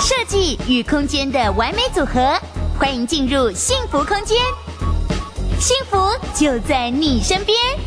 設計與空間的完美組合，歡迎進入幸福空間，幸福就在你身邊。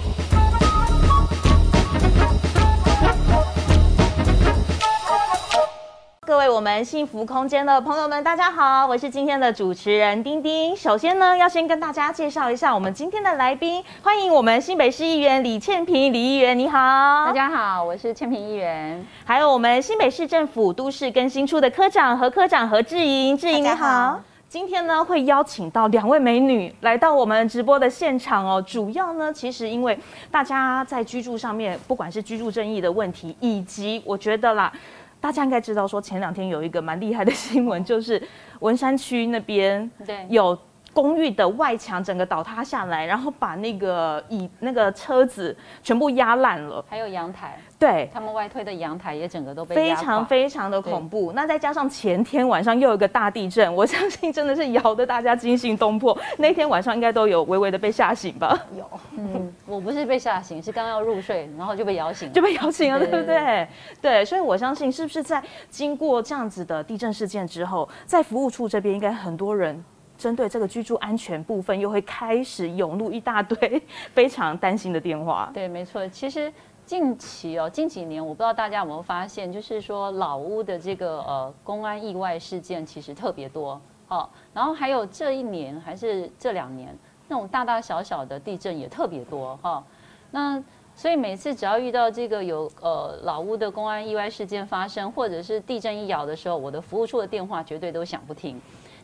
為我們幸福空間的朋友們，大家好，我是今天的主持人丁丁。首先呢，要先跟大家介紹一下我們今天的來賓，歡迎我們新北市議員李倩萍李議員，你好。大家好，我是倩萍議員。還有我們新北市政府都市更新處的科長何科長何志瑩。志瑩你好。好，今天呢，會邀請到兩位美女來到我們直播的現場哦。主要呢，其實因為大家在居住上面，不管是居住正義的問題，以及我覺得啦。大家應該知道，說前兩天有一個蠻厲害的新聞，就是文山區那邊有。公寓的外牆整個倒塌下來，然後把那個椅、那個車子全部壓爛了，還有陽台，對他們外推的陽台也整個都被非常非常的恐怖。對那再加上前天晚上又有個大地震，我相信真的是搖得大家驚心動魄。那天晚上應該都有微微的被嚇醒吧？有，嗯， 我不是被嚇醒，是剛要入睡，然後就被搖醒，就被搖醒了，醒了對不對，對，對？對，所以我相信是不是在經過這樣子的地震事件之後，在服務處這邊應該很多人。針對這個居住安全部分，又會開始湧入一大堆非常擔心的電話。對，沒錯。其實近期哦，近幾年，我不知道大家有沒有發現，就是說老屋的這個呃公安意外事件其實特別多。好、哦，然後還有這一年還是這兩年，那種大大小小的地震也特別多哈、哦。那所以每次只要遇到這個有呃老屋的公安意外事件發生，或者是地震一搖的時候，我的服務處的電話絕對都響不停。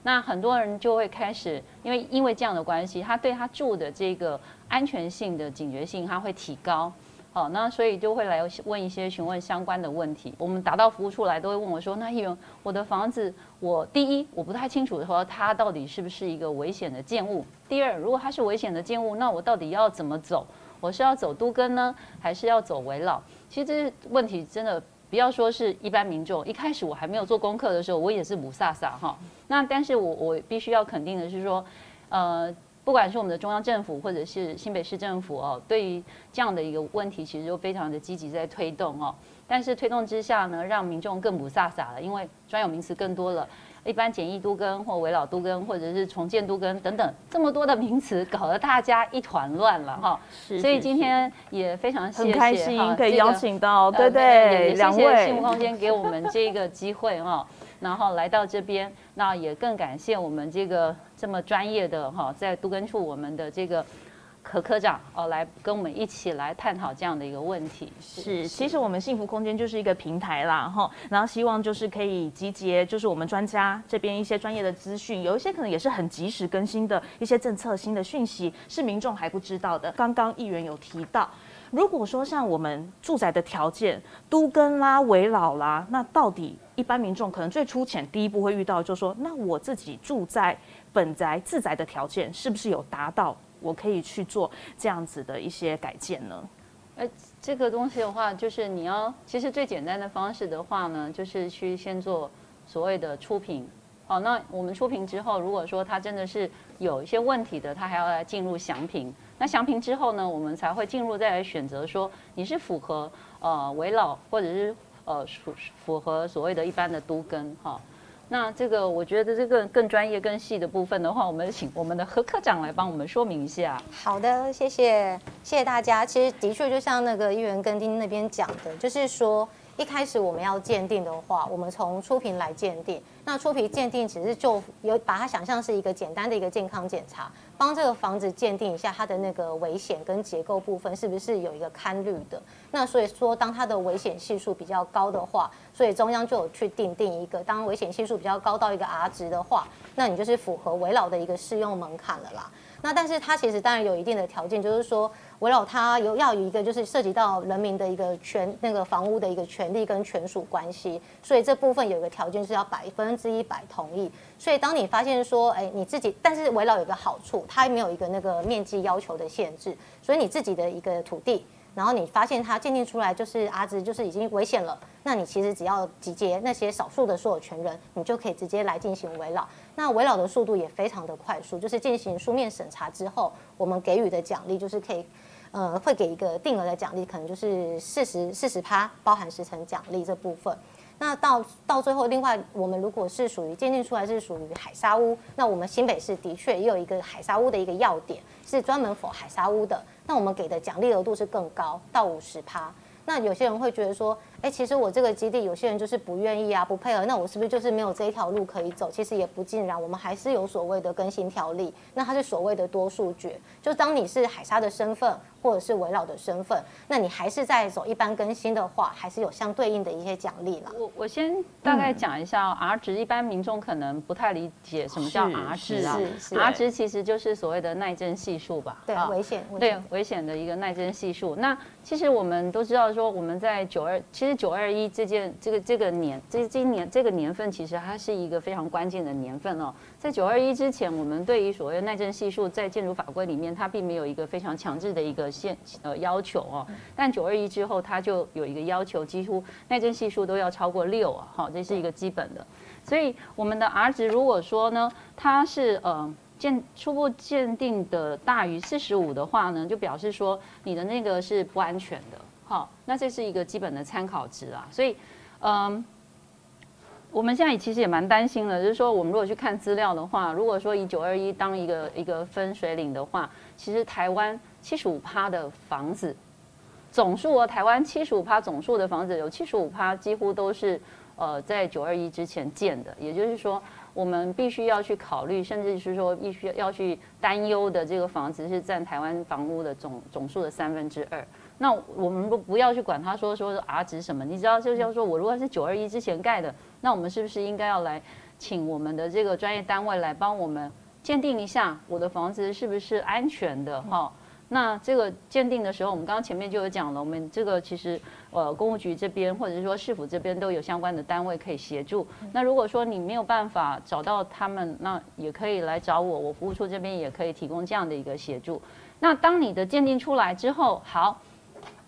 那很多人就會開始，因為因為這樣的關係，他對他住的這個安全性的警覺性他會提高，好，那所以就會來問一些詢問相關的問題。我們打到服務處來都會問我說：“那議員，我的房子，我第一我不太清楚的說它到底是不是一個危險的建物；第二，如果它是危險的建物，那我到底要怎麼走？我是要走都更呢，還是要走危老？其實這些問題真的。”不要說是一般民眾，一開始我還沒有做功課的時候，我也是霧煞煞哈。那但是我我必須要肯定的是說，呃，不管是我們的中央政府或者是新北市政府哦，對於這樣的一個問題，其實就非常的積極在推動哦。但是推動之下呢，讓民眾更霧煞煞了，因為專有名詞更多了。一般簡易都更或危老都更，或者是重建都更等等這麼多的名詞，搞得大家一團亂了哈。哦、是是是，所以今天也非常謝謝，很開心、哦、可以邀請到、這個、對對也、呃、兩位，也謝謝幸福空間給我們這個機會哈， 然後來到這邊，那也更感謝我們這個這麼專業的哈、哦，在都更處我們的這個。何科、科長，哦，來跟我們一起來探討這樣的一個問題。是，是其實我們幸福空間就是一個平台啦，哈，然後希望就是可以集結，就是我們專家這邊一些專業的資訊，有一些可能也是很及時更新的一些政策、新的訊息，是民眾還不知道的。剛剛議員有提到，如果說像我們住宅的條件都更啦、危老啦，那到底一般民眾可能最粗淺第一步會遇到就是，就說那我自己住在本宅自宅的條件是不是有達到？我可以去做這樣子的一些改建呢？哎，這個東西的話，就是你要，其實最簡單的方式的話呢，就是去先做所謂的初評。好，那我們初評之後，如果說它真的是有一些問題的，它還要來進入詳評。那詳評之後呢，我們才會進入再來選擇說你是符合呃危老，或者是呃符符合所謂的一般的都更，好。那這個我覺得這個更專業、更細的部分的話，我們請我們的何科長來幫我們說明一下。好的，謝謝，謝謝大家。其實的確就像那個議員跟丁丁那邊講的，就是說。一開始我們要鑑定的話，我們從初評來鑑定。那初評鑑定其實就有把它想象是一個簡單的一個健康檢查，幫這個房子鑑定一下它的那個危險跟結構部分是不是有一個堪慮的。那所以說，當它的危險係數比較高的話，所以中央就有去訂定一個，當危險係數比較高到一個 R 值的話，那你就是符合危老的一個適用門檻了啦。那但是它其實當然有一定的條件，就是說，危老它有要有一個就是涉及到人民的一個權，那個房屋的一個權利跟權屬關係，所以這部分有一個條件是要百分之一百同意。所以當你發現說，哎，你自己，但是危老有一個好處，它也沒有一個那個面積要求的限制，所以你自己的一個土地。然後你發現它鑑定出來就是阿芝，就是已經危險了。那你其實只要集結那些少數的所有權人，你就可以直接來進行危老。那危老的速度也非常的快速，就是進行書面審查之後，我們給予的獎勵就是可以，呃，會給一個定額的獎勵，可能就是四十四十趴，包含時程獎勵這部分。那到到最後，另外我們如果是屬於鑑定出來是屬於海砂屋，那我們新北市的確也有一個海砂屋的一個要點，是專門 for 海砂屋的。那我們給的獎勵額度是更高，到五十趴。那有些人會覺得說，哎、欸，其實我這個基地有些人就是不願意啊，不配合，那我是不是就是沒有這一條路可以走？其實也不盡然，我們還是有所謂的更新條例，那它是所謂的多數決，就當你是海砂的身份。或者是危老的身份，那你還是在走一般更新的話，還是有相對應的一些獎勵啦。我我先大概講一下、哦嗯、R 值，一般民眾可能不太理解什麼叫 R 值啊。R 值其實就是所謂的耐震係數吧？對，好危險。對，危險的一個耐震系數。對那其實我們都知道，說我們在九二，其實九二一這件，這個這個年，這今年這個年份，其實它是一個非常關鍵的年份哦。在九二一之前，我們對於所謂的耐震係數，在建築法規裡面，它並沒有一個非常強制的一個限呃要求哦。但九二一之後，它就有一個要求，幾乎耐震係數都要超過六啊。好，這是一個基本的。所以我們的 R 值，如果說呢，它是呃鑑初步鑑定的大於四十五的話呢，就表示說你的那個是不安全的。好，那這是一個基本的參考值啊。所以，嗯。我們現在其實也蠻擔心的，就是說，我們如果去看資料的話，如果說以九二一當一個一個分水嶺的話，其實台灣七十五趴的房子總數哦，台灣七十五趴總數的房子有七十五趴，幾乎都是呃在九二一之前建的。也就是說，我們必須要去考慮，甚至是說必須要去擔憂的這個房子是佔台灣房屋的總總數的三分之二。那我們不不要去管他說說 R 值什麼，你知道，就是要說我如果是九二一之前蓋的。那我們是不是應該要來請我們的這個專業單位來幫我們鑑定一下我的房子是不是安全的哈、哦？那這個鑑定的時候，我們剛剛前面就有講了，我們這個其實呃，公務局這邊或者是說市府這邊都有相關的單位可以協助。那如果說你沒有辦法找到他們，那也可以來找我，我服務處這邊也可以提供這樣的一個協助。那當你的鑑定出來之後，好，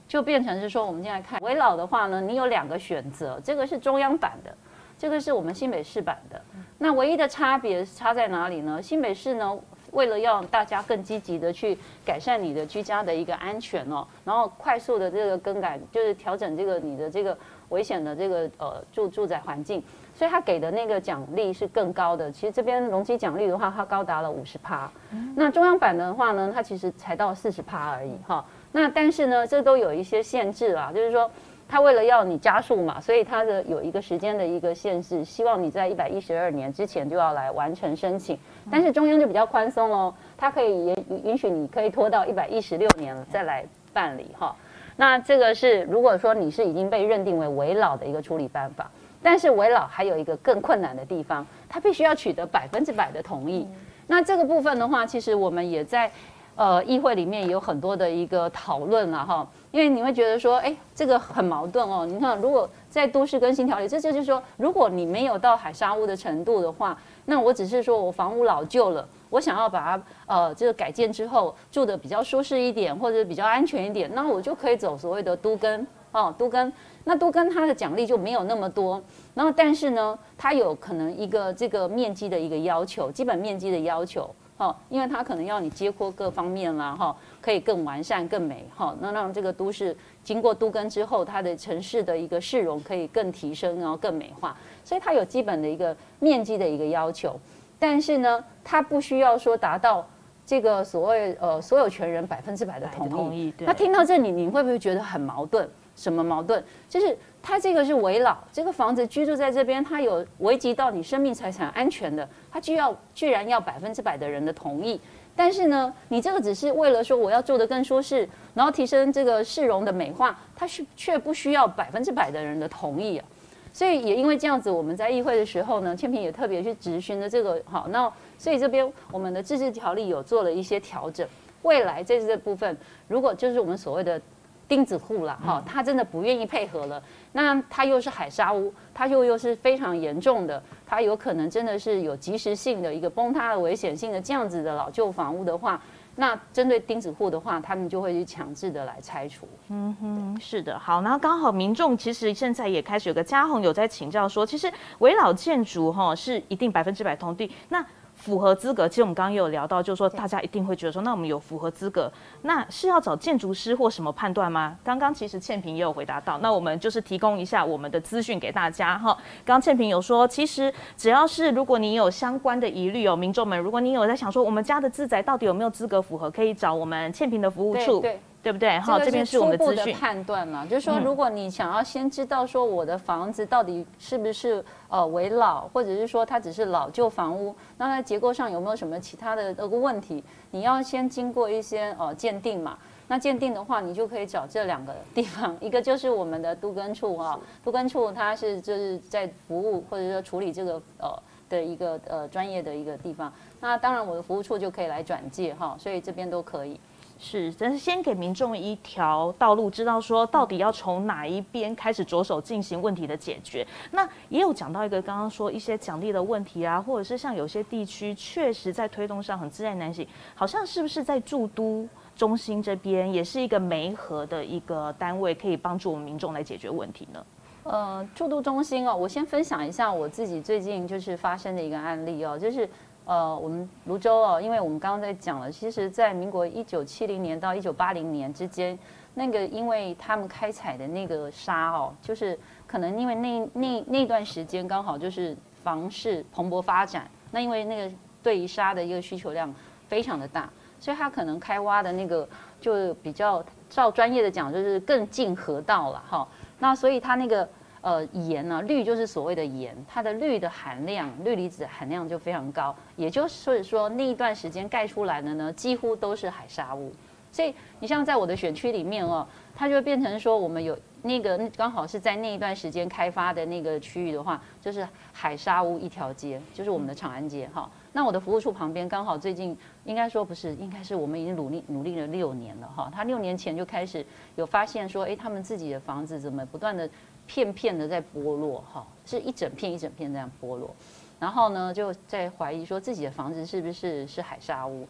就變成是說我們現在看危老的話呢，你有兩個選擇，這個是中央版的。這個是我們新北市版的，那唯一的差別是差在哪裡呢？新北市呢，為了讓大家更積極的去改善你的居家的一個安全哦，然後快速的這個更改，就是調整這個你的這個危險的這個呃住住宅環境，所以它給的那個獎勵是更高的。其實這邊容積獎勵的話，它高達了五十趴，那中央版的話呢，它其實才到四十趴而已哈、哦。那但是呢，這都有一些限制啦，就是說。他為了要你加速嘛，所以他的有一個時間的一個限制，希望你在一百一十二年之前就要來完成申請。但是中央就比較寬鬆嘍，他可以也允許你可以拖到一百一十六年了再來辦理哈 Okay.、哦。那這個是如果說你是已經被認定為危老的一個處理辦法，但是危老還有一個更困難的地方，他必須要取得百分之百的同意。嗯、那這個部分的話，其實我們也在。呃，議會裡面有很多的一個討論了哈，因為你會覺得說，哎，這個很矛盾哦。你看，如果在都市更新條例，這就是說，如果你沒有到海砂屋的程度的話，那我只是說我房屋老舊了，我想要把它呃這個改建之後住得比較舒適一點，或者比較安全一點，那我就可以走所謂的都更哦，都更。那都更它的獎勵就沒有那麼多，然後但是呢，它有可能一個這個面積的一個要求，基本面積的要求。哦，因為它可能要你結合各方面啦，哈，可以更完善，更美，哈，那讓這個都市經過都更之後，它的城市的一個市容可以更提升，然後更美化。所以它有基本的一個面積的一個要求，但是呢，它不需要說達到這個所謂呃所有權人百分之百的同意。那對聽到這裡，你會不會覺得很矛盾？什麼矛盾？就是他這個是圍繞這個房子居住在這邊，他有危及到你生命財產安全的，他就要居然要百分之百的人的同意。但是呢，你這個只是為了說我要做的更舒適，然後提升這個市容的美化，它是卻不需要百分之百的人的同意啊。所以也因為這樣子，我們在議會的時候呢，千平也特別去執行了這個。好，那所以這邊我們的自治條例有做了一些調整。未來在這部分，如果就是我們所謂的。釘子戶了哈，他、哦嗯、真的不願意配合了。那他又是海砂屋，他又又是非常嚴重的，他有可能真的是有即時性的一個崩塌的危險性的這樣子的老舊房屋的話，那針對釘子戶的話，他們就會去強制的來拆除。嗯哼，是的。好，然後剛好民眾其實現在也開始有個家宏有在請教說，其實危老建築哈、哦、是一定百分之百通地那。符合資格，其實我們剛剛也有聊到，就是說大家一定會覺得說，那我們有符合資格，對那是要找建築師或什麼判斷嗎？剛剛其實倩萍也有回答到，那我們就是提供一下我們的資訊給大家哈。剛剛倩萍有說，其實只要是如果你有相關的疑慮哦、喔，民眾們，如果你有在想說我們家的自宅到底有沒有資格符合，可以找我們倩萍的服務處。對不對？好，這邊是我們的判斷嘛，就是說，如果你想要先知道說我的房子到底是不是呃危老，或者是說它只是老舊房屋，那在結構上有沒有什麼其他的那個問題，你要先經過一些呃鑑定嘛。那鑑定的話，你就可以找這兩個地方，一個就是我們的都更處啊，都更處它是就是在服務或者說處理這個呃的一個呃專業的一個地方。那當然我的服務處就可以來轉介哈、哦，所以這邊都可以。是，但是先給民眾一條道路，知道說到底要從哪一邊開始着手進行問題的解決。那也有講到一個剛剛說一些獎勵的問題啊，或者是像有些地區確實在推動上很窒礙難行，好像是不是在住都中心這邊也是一個媒合的一個單位，可以幫助我們民眾來解決問題呢？呃，住都中心哦，我先分享一下我自己最近就是發生的一個案例哦，就是。呃，我們瀘州哦，因為我們剛剛在講了，其實，在民國一九七零年到一九八零年之間，那個因為他們開採的那個沙哦，就是可能因為那那那段時間剛好就是房市蓬勃發展，那因為那個對於沙的一個需求量非常的大，所以它可能開挖的那個就比較，照專業的講就是更近河道了哈，那所以它那個。呃，鹽呢、啊，氯，就是所謂的鹽，它的氯的含量，氯離子的含量就非常高。也就是說，那一段時間蓋出來的呢，幾乎都是海沙屋。所以你像在我的選區裡面哦，它就會變成說，我們有那個剛好是在那一段時間開發的那個區域的話，就是海沙屋一條街，就是我們的長安街哈。那我的服務處旁邊剛好最近應該說不是，應該是我們已經努力努力了六年了哈。他六年前就開始有發現說，哎、欸，他們自己的房子怎麼不斷的片片的在剝落，哈，是一整片一整片這樣剝落，然後呢，就在懷疑說自己的房子是不是是海砂屋？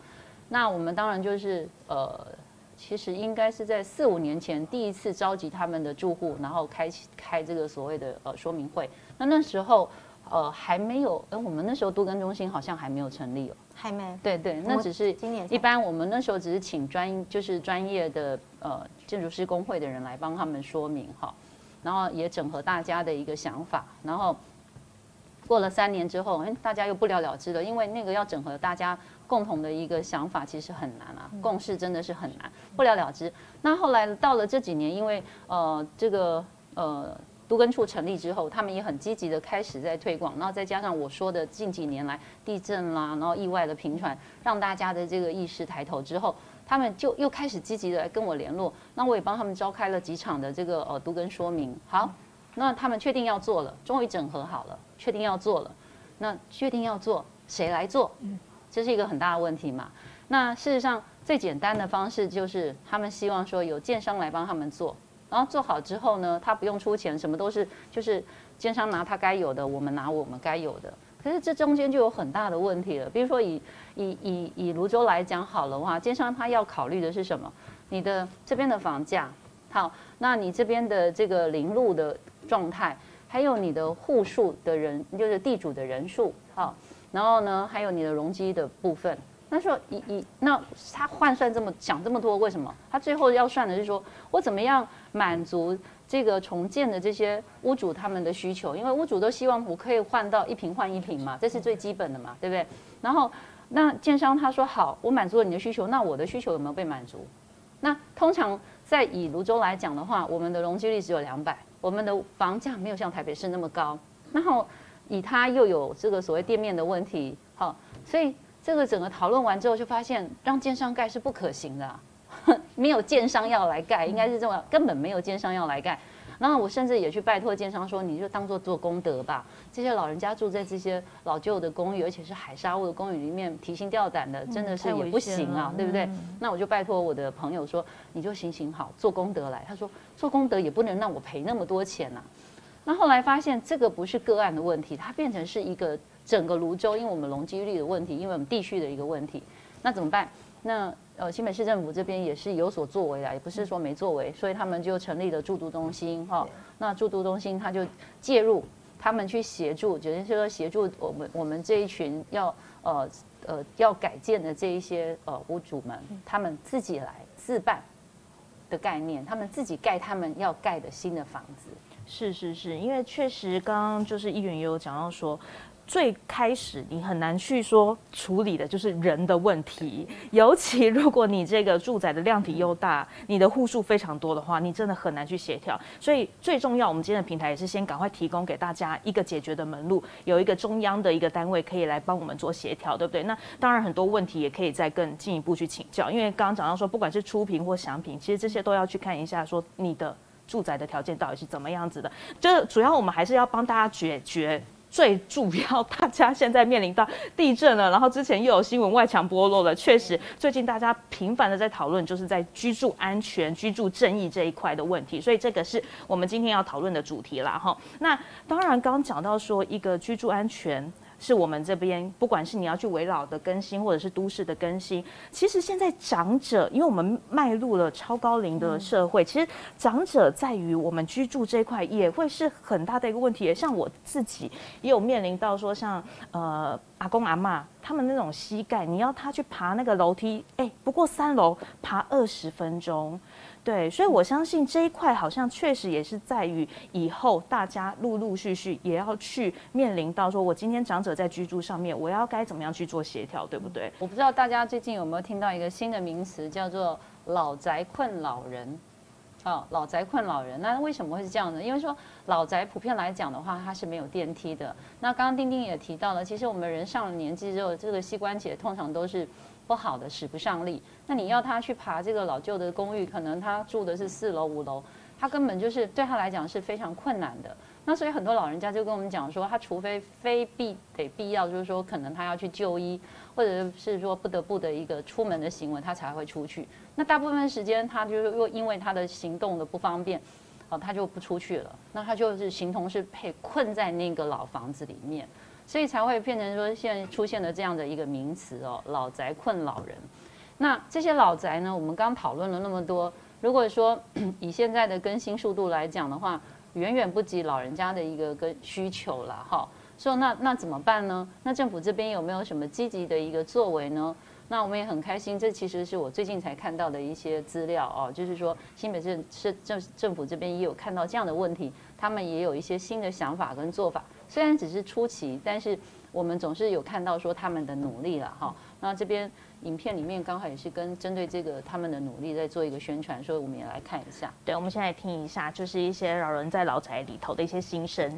那我們當然就是呃，其實應該是在四五年前第一次召集他們的住戶，然後開開這個所謂的呃說明會。那那時候呃還沒有，哎、呃，我們那時候都更中心好像還沒有成立哦，還沒。對對，那只是今年。一般我們那時候只是請專就是專業的呃建築師公會的人來幫他們說明哈。呃然後也整合大家的一個想法，然後過了三年之後，哎，大家又不了了之了，因為那個要整合大家共同的一個想法，其實很難啊，嗯、共識真的是很難，不了了之。嗯、那後來到了這幾年，因為呃這個呃都更處成立之後，他們也很積極的開始在推廣，然後再加上我說的近幾年來地震啦，然後意外的頻傳，讓大家的這個意識抬頭之後。他們就又開始積極的來跟我聯絡，那我也幫他們召開了幾場的這個呃都更說明。好，那他們確定要做了，終於整合好了，確定要做了。那確定要做，誰來做？嗯，這是一個很大的問題嘛。那事實上最簡單的方式就是，他們希望說有建商來幫他們做，然後做好之後呢，他不用出錢，什麼都是就是建商拿他該有的，我們拿我們該有的。其實這中間就有很大的問題了。比如說以，以以以以蘆洲來講，好的話，建商他要考慮的是什麼？你的這邊的房價，好，那你這邊的這個臨路的狀態，還有你的戶數的人，就是地主的人數，好，然後呢，還有你的容積的部分。那說，以以那他換算這麼講這麼多，為什麼？他最後要算的是說我怎麼樣滿足？這個重建的這些屋主他們的需求，因為屋主都希望我可以換到一坪換一坪嘛，這是最基本的嘛，對不對？然後那建商他說好，我滿足了你的需求，那我的需求有沒有被滿足？那通常在以蘆洲來講的話，我們的容積率只有兩百，我們的房價沒有像台北市那麼高，然後以它又有這個所謂店面的問題，好，所以這個整個討論完之後，就發現讓建商蓋是不可行的啊。 沒有建商要來蓋，應該是這種根本沒有建商要來蓋。然後我甚至也去拜托建商說：“你就當做做功德吧。”這些老人家住在這些老舊的公寓，而且是海沙屋的公寓裡面，提心吊膽的，真的是也不行啊、嗯，對不對？嗯、那我就拜托我的朋友說：“你就行行好，做功德來。”他說：“做功德也不能讓我賠那麼多錢吶。”那後來發現這個不是個案的問題，它變成是一個整個蘆洲，因為我們容積率的問題，因為我們地區的一個問題。那怎麼辦？那。呃，新北市政府這邊也是有所作為啊，也不是說沒作為，所以他們就成立了住都中心哈。對那住都中心他就介入，他們去協助，就是說協助我們我們這一群要呃呃要改建的這一些呃屋主們，他們自己來自辦的概念，他們自己蓋他們要蓋的新的房子。是是是，因為確實剛剛就是議員也有講到說。最開始你很難去說處理的，就是人的問題，尤其如果你這個住宅的量體又大，你的戶數非常多的話，你真的很難去協調。所以最重要，我們今天的平台也是先趕快提供給大家一個解決的門路，有一個中央的一個單位可以來幫我們做協調，對不對？那當然很多問題也可以再更進一步去請教，因為剛剛講到說，不管是初評或詳評，其實這些都要去看一下說你的住宅的條件到底是怎麼樣子的。就是主要我們還是要幫大家解決。最主要，大家現在面臨到地震了，然後之前又有新聞外牆剝落了，確實最近大家頻繁的在討論，就是在居住安全、居住正義這一塊的問題，所以這個是我們今天要討論的主題了哈。那當然，剛剛講到說一個居住安全，是我們這邊，不管是你要去危老的更新，或者是都市的更新，其實現在長者，因為我們邁入了超高齡的社會，嗯、其實長者在於我們居住這一塊也會是很大的一個問題。也像我自己也有面臨到說像，像呃阿公阿嬤他們那種膝蓋，你要他去爬那個樓梯，哎、欸，不過三樓爬二十分鐘。對，所以我相信這一塊好像確實也是在於以後大家陸陸續續也要去面臨到，說我今天長者在居住上面，我要該怎麼樣去做協調，對不對？我不知道大家最近有沒有聽到一個新的名詞，叫做“老宅困老人”。哦，老宅困老人，那為什麼會是這樣呢？因為說老宅普遍來講的話，它是沒有電梯的。那剛剛丁丁也提到了，其實我們人上了年紀之後，這個膝關節通常都是不好的，使不上力。那你要他去爬這個老舊的公寓，可能他住的是四樓五樓，他根本就是對他來講是非常困難的。那所以很多老人家就跟我們講說，他除非非必得必要，就是說可能他要去就醫，或者是說不得不的一個出門的行為，他才會出去。那大部分時間，他就是又因為他的行動的不方便，好他就不出去了。那他就是形同是被困在那個老房子裡面，所以才會變成說現在出現了這樣的一個名詞哦，“老宅困老人”。那這些老宅呢？我們剛討論了那麼多，如果說以現在的更新速度來講的話，遠遠不及老人家的一個跟需求了哈。說那那怎麼辦呢？那政府這邊有沒有什麼積極的一個作為呢？那我們也很開心，這其實是我最近才看到的一些資料哦，就是說新北市政府這邊也有看到這樣的問題，他們也有一些新的想法跟做法，雖然只是初期，但是我們總是有看到說他們的努力了哈。那這邊。影片裡面剛好也是跟針對這個他們的努力在做一個宣傳，所以我們也來看一下。對，我們現在聽一下，就是一些老人在老宅裡頭的一些心聲。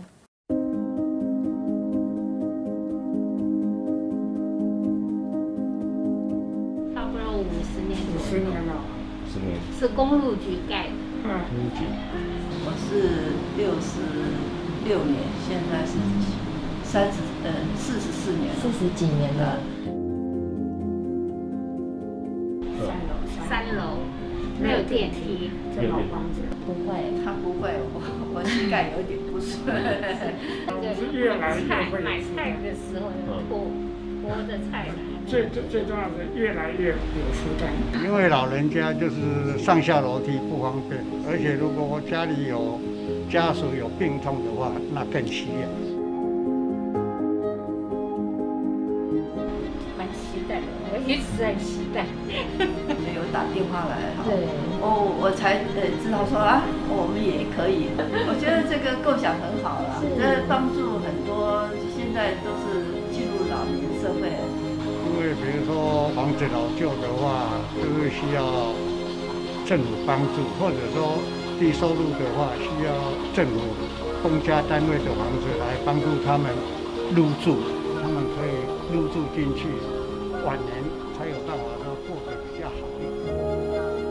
差不多五十年，五十年了，十年。是公路局蓋的，嗯，公路局。我是六十六年，現在是三十呃四十四年，四十幾年了。沒有電梯，這老房子不會，他不會，我我膝蓋有點不舒服。這 是越來越買菜的時候就，就剝剝的菜，最最最重要的是越來越有負擔， 因為老人家就是上下樓梯不方便，而且如果我家裡有家屬有病痛的話，那更需要。一直在期待，沒有打電話來哈。好對，哦，我才呃知道說啊、哦，我們也可以。我覺得這個構想很好了，能幫助很多。現在都是進入老年社會，因為比如說房子老舊的話，都、就是需要政府幫助，或者說低收入的話，需要政府公家單位的房子來幫助他們入住，他們可以入住進去。才有辦法說過得比較好一點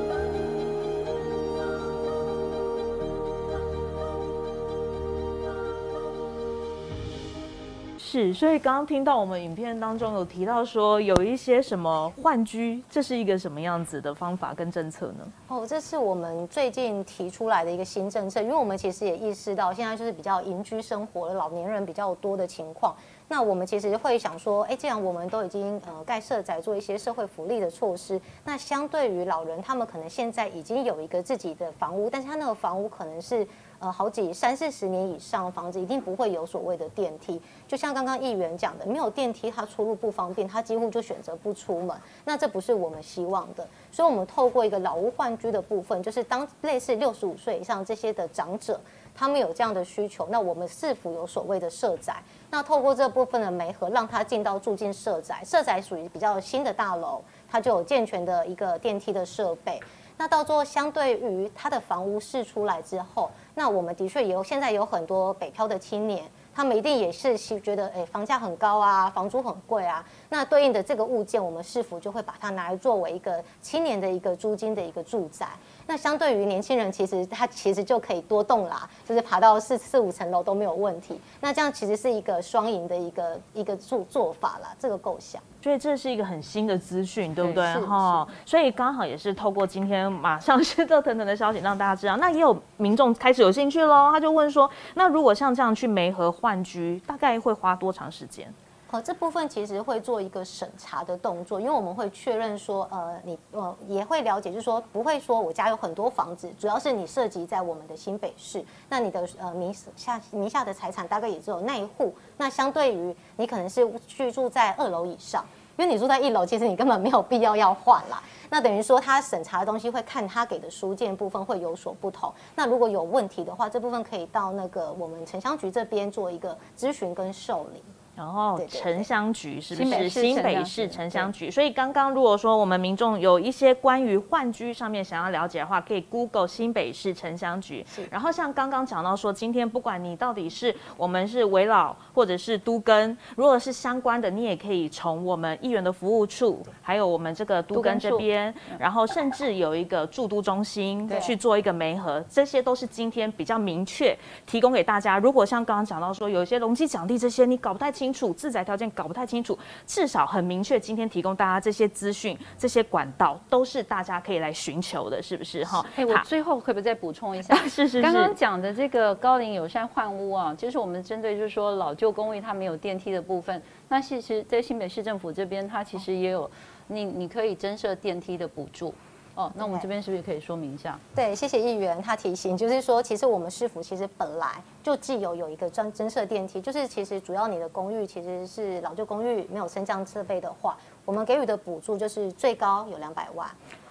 是，所以剛剛聽到我們影片當中有提到說有一些什麼換居，這是一個什麼樣子的方法跟政策呢？哦，這是我們最近提出來的一個新政策，因為我們其實也意識到現在就是比較隱居生活的老年人比較多的情況。那我們其實會想說，哎，既然我們都已經呃蓋社宅做一些社會福利的措施，那相對於老人，他們可能現在已經有一個自己的房屋，但是他那個房屋可能是呃好幾三四十年以上的房子，一定不會有所謂的電梯。就像剛剛議員講的，沒有電梯，他出入不方便，他幾乎就選擇不出門。那這不是我們希望的，所以我們透過一個老屋換居的部分，就是當類似六十五歲以上這些的長者。他們有這樣的需求，那我們市府有所謂的社宅，那透過這部分的媒合，讓他進到住進社宅。社宅屬於比較新的大樓，它就有健全的一個電梯的設備。那到時候相對於他的房屋釋出來之後，那我們的確有現在有很多北漂的青年，他們一定也是覺得，哎，房價很高啊，房租很貴啊。那對應的這個物件，我們市府就會把它拿來作為一個青年的一個租金的一個住宅。那相對於年輕人，其實他其實就可以多動啦，就是爬到四四五層樓都沒有問題。那這樣其實是一個雙贏的一個一個做做法啦，這個構想。所以這是一個很新的資訊，對不對？哈，所以剛好也是透過今天馬上是熱騰騰的消息讓大家知道，那也有民眾開始有興趣嘍。他就問說，那如果像這樣去梅河換居，大概會花多長時間？呃，這部分其實會做一個審查的動作，因為我們會確認說，呃，你呃也會了解，就是說不會說我家有很多房子，主要是你涉及在我們的新北市，那你的呃名下名下的財產大概也只有那一戶，那相對於你可能是居住在二樓以上，因為你住在一樓，其實你根本沒有必要要換了。那等於說他審查的東西會看他給的書件的部分會有所不同。那如果有問題的話，這部分可以到那個我們城鄉局這邊做一個諮詢跟受理。然後城鄉局是不是對對對，新北市城鄉局？啊、所以剛剛如果說我們民眾有一些關於換居上面想要了解的話，可以 Google 新北市城鄉局。是然後像剛剛講到說，今天不管你到底是我們是危老或者是都更，如果是相關的，你也可以從我們議員的服務處，對還有我們這個都更這邊，然後甚至有一個住都中心去做一個媒合，對這些都是今天比較明確提供給大家。如果像剛剛講到說，有一些容積獎勵這些，你搞不太清楚。清楚自宅條件搞不太清楚，至少很明確。今天提供大家這些資訊，這些管道都是大家可以來尋求的，是不是哈？是、哦，欸？我最後可不可以再補充一下？是是是。剛剛講的這個高齡友善換屋啊，就是我們針對就是說老舊公寓它沒有電梯的部分，那其實，在新北市政府這邊，它其實也有，哦，你你可以增設電梯的補助。哦，那我們這邊是不是也可以說明一下？對，對，謝謝議員他提醒，就是說，其實我們市府其實本來就既有有一個專增設電梯，就是其實主要你的公寓其實是老舊公寓，沒有升降設備的話，我們給予的補助就是最高有兩百萬。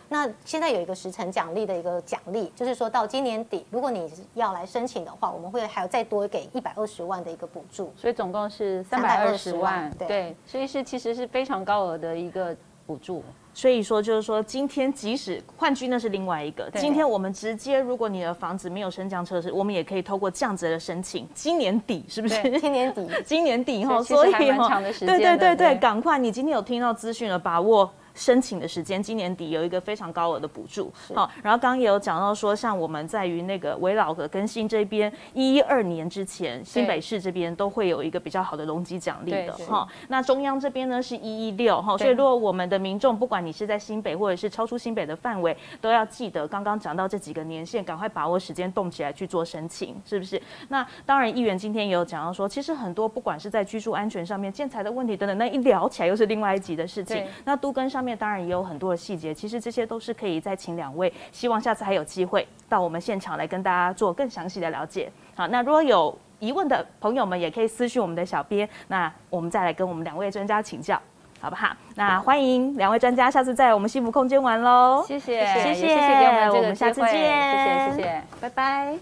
那現在有一個時程獎勵的一個獎勵，就是說到今年底，如果你要來申請的話，我們會還要再多給一百二十萬的一個補助，所以總共是三百二十萬。對，對，所以是其實是非常高額的一個補助，所以說就是說，今天即使換居那是另外一個，對今天我們直接，如果你的房子沒有升降測試，我們也可以透過降值的申請，今年底是不是？今年底， 今年底齁，所以齁，還蠻長的時間的。對對對對，趕對快，你今天有聽到資訊了，把握。申請的時間，今年底有一個非常高額的補助，好是、哦，然後剛剛也有講到說，像我們在於那個危老和更新這邊，一一二年之前，對新北市這邊都會有一個比較好的容積獎勵的，哈、哦。那中央這邊呢是一一六，哈對，所以如果我們的民眾，不管你是在新北或者是超出新北的範圍，都要記得剛剛講到這幾個年限，趕快把握時間動起來去做申請，是不是？那當然，議員今天也有講到說，其實很多不管是在居住安全上面、建材的問題等等，那一聊起來又是另外一集的事情。對那都跟上面，面當然也有很多的細節，其實這些都是可以再請兩位，希望下次還有機會到我們現場來跟大家做更詳細的了解。好，那如果有疑問的朋友們，也可以私訊我們的小編，那我們再來跟我們兩位專家請教，好不好？那歡迎兩位專家下次在我們幸福空間玩嘍。謝謝，謝謝，也謝謝給我們這個機會，我們下次見。謝謝，謝謝，拜拜。